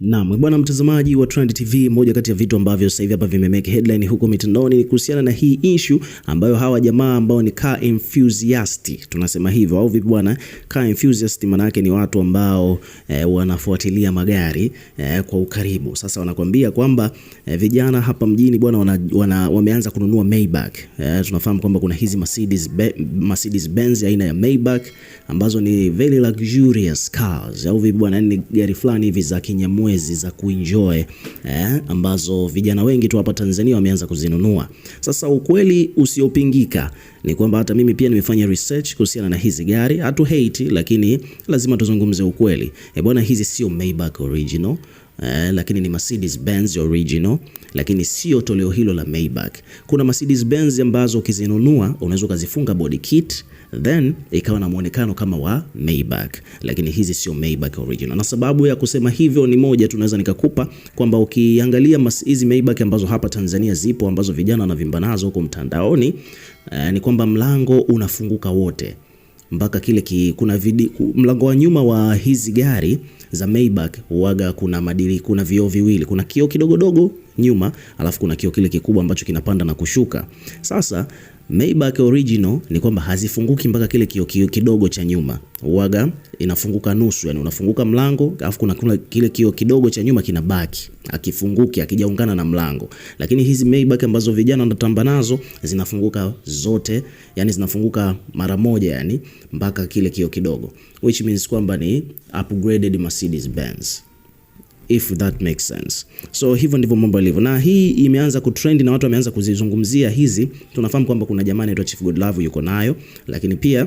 Naam, bwana mtazamaji wa Trend TV, moja kati ya vitu ambavyo sasa hivi hapa vimemake headline huko mitandaoni ni kuhusiana na hii issue ambayo hawa jamaa ambao ni car enthusiast tunasema hivyo au vipi bwana? Car enthusiast maana yake ni watu ambao e, wanafuatilia magari e, kwa ukaribu. Sasa wanakuambia kwamba e, vijana hapa mjini bwana wana, wana, wameanza kununua Maybach. E, tunafahamu kwamba kuna hizi Mercedes, be, Mercedes Benz aina ya Maybach ambazo ni very luxurious cars au vipi bwana, yaani ni gari fulani hivi za kinyamwezi mwezi za kuenjoy eh, ambazo vijana wengi tu hapa Tanzania wameanza kuzinunua. Sasa ukweli usiopingika ni kwamba hata mimi pia nimefanya research kuhusiana na hizi gari, hatu hate, lakini lazima tuzungumze ukweli. Eh, bwana hizi sio Maybach original Eh, lakini ni Mercedes Benz original, lakini sio toleo hilo la Maybach. Kuna Mercedes Benz ambazo ukizinunua unaweza ukazifunga body kit then ikawa na muonekano kama wa Maybach, lakini hizi sio Maybach original. Na sababu ya kusema hivyo ni moja, tunaweza nikakupa kwamba ukiangalia hizi Maybach ambazo hapa Tanzania zipo ambazo vijana wanavimba nazo huko mtandaoni eh, ni kwamba mlango unafunguka wote mpaka kile ki, kuna vidi, mlango wa nyuma wa hizi gari za Maybach huaga kuna madili, kuna vioo viwili, kuna kioo kidogodogo nyuma alafu kuna kioo kile kikubwa ambacho kinapanda na kushuka. Sasa Maybach original ni kwamba hazifunguki mpaka kile kio kidogo cha nyuma, uwaga inafunguka nusu, yani unafunguka mlango alafu kuna kile kio kidogo cha nyuma kinabaki akifunguki akijaungana na mlango. Lakini hizi Maybach ambazo vijana wanatamba nazo zinafunguka zote, yani zinafunguka mara moja, yani mpaka kile kio kidogo, which means kwamba ni upgraded Mercedes Benz if that makes sense. So hivyo ndivyo mambo yalivyo, na hii imeanza kutrend na watu wameanza kuzizungumzia hizi. Tunafahamu kwamba kuna jamaa anaitwa Chief Godlove yuko nayo, lakini pia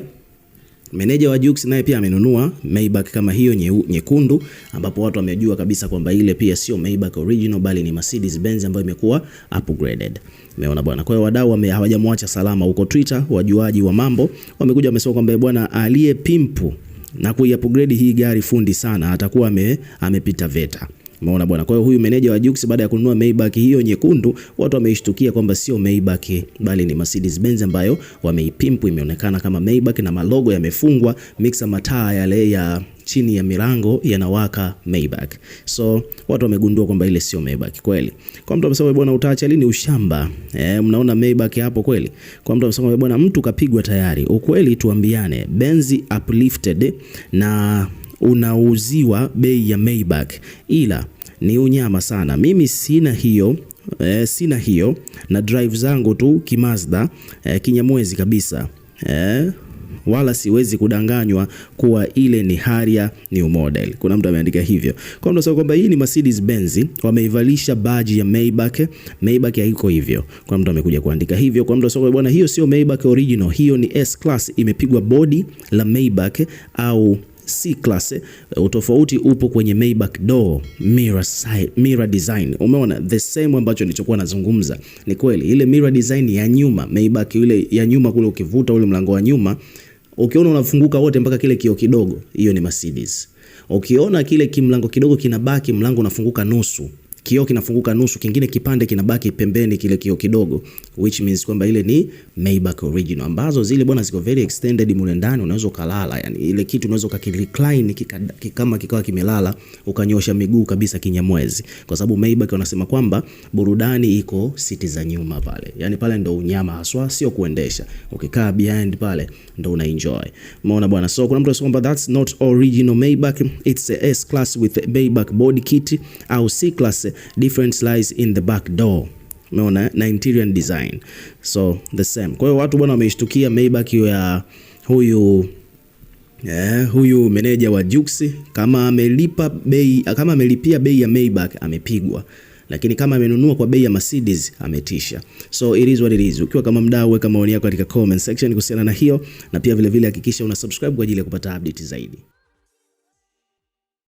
meneja wa Jux naye pia amenunua Maybach kama hiyo nyekundu nye ambapo watu wamejua kabisa kwamba ile pia sio Maybach original bali ni Mercedes Benz ambayo imekuwa upgraded. Umeona bwana. Kwa hiyo wadau hawajamwacha salama huko Twitter, wajuaji wa mambo wamekuja wamesema kwamba eh, bwana aliyepimpu na kuiupgrade hii gari fundi sana, atakuwa ame, amepita VETA. Umeona bwana. Kwa hiyo huyu meneja wa Jux baada ya kununua Maybach hiyo nyekundu, watu wameishtukia kwamba sio Maybach bali ni Mercedes Benz ambayo wameipimpu, imeonekana kama Maybach na malogo yamefungwa, mixa mataa yale ya chini ya milango yanawaka Maybach. So watu wamegundua kwamba ile sio Maybach kweli. Kwa mtu amesema bwana, utaacha lini ushamba? Eh, mnaona Maybach hapo kweli? Kwa mtu amesema bwana, mtu kapigwa tayari. Ukweli tuambiane, Benzi uplifted na unauziwa bei ya Maybach, ila ni unyama sana. Mimi sina hiyo eh, sina hiyo na drive zangu tu kimazda eh, kinyamwezi kabisa eh wala siwezi kudanganywa kuwa ile ni Harrier new model. Kuna mtu ameandika hivyo. Kwa mtu kwamba hii ni Mercedes Benz wameivalisha badge ya Maybach. Maybach haiko hivyo. Kwa mtu amekuja kuandika hivyo. Kwa mtu sasa, bwana, hiyo sio Maybach original, hiyo ni S class imepigwa body la Maybach au C class. Utofauti upo kwenye Maybach door mirror side, mirror design. Umeona the same ambacho nilichokuwa nazungumza ni kweli, ile mirror design ya nyuma Maybach ile ya nyuma kule, ukivuta ule mlango wa nyuma Ukiona unafunguka wote mpaka kile kio kidogo, hiyo ni Mercedes. Ukiona kile kimlango kidogo kinabaki, mlango unafunguka nusu, kioo kinafunguka nusu, kingine kipande kinabaki pembeni, kile kioo kidogo, which means kwamba ile ni Maybach original, ambazo zile bwana ziko very extended mule ndani, unaweza ukalala, yani ile kitu unaweza ukakirecline kama kikawa kimelala, ukanyosha miguu kabisa kinyamwezi, kwa sababu Maybach wanasema kwamba burudani iko siti za nyuma pale, yani pale ndo unyama haswa, sio kuendesha. Ukikaa behind pale ndo una enjoy, umeona bwana. So kuna mtu anasema kwamba that's not original Maybach, it's a S class with a Maybach body kit au C class different lies in the back door. Umeona eh? na interior design. So the same. Kwa hiyo watu bwana wameishtukia Maybach ya huyu Yeah, huyu meneja wa Jux kama amelipa bei, kama amelipia bei ya Maybach amepigwa, lakini kama amenunua kwa bei ya Mercedes ametisha. So it is what it is. Ukiwa kama mdau, weka maoni yako katika comment section kuhusiana na hiyo, na pia vilevile hakikisha vile una subscribe kwa ajili ya kupata update zaidi.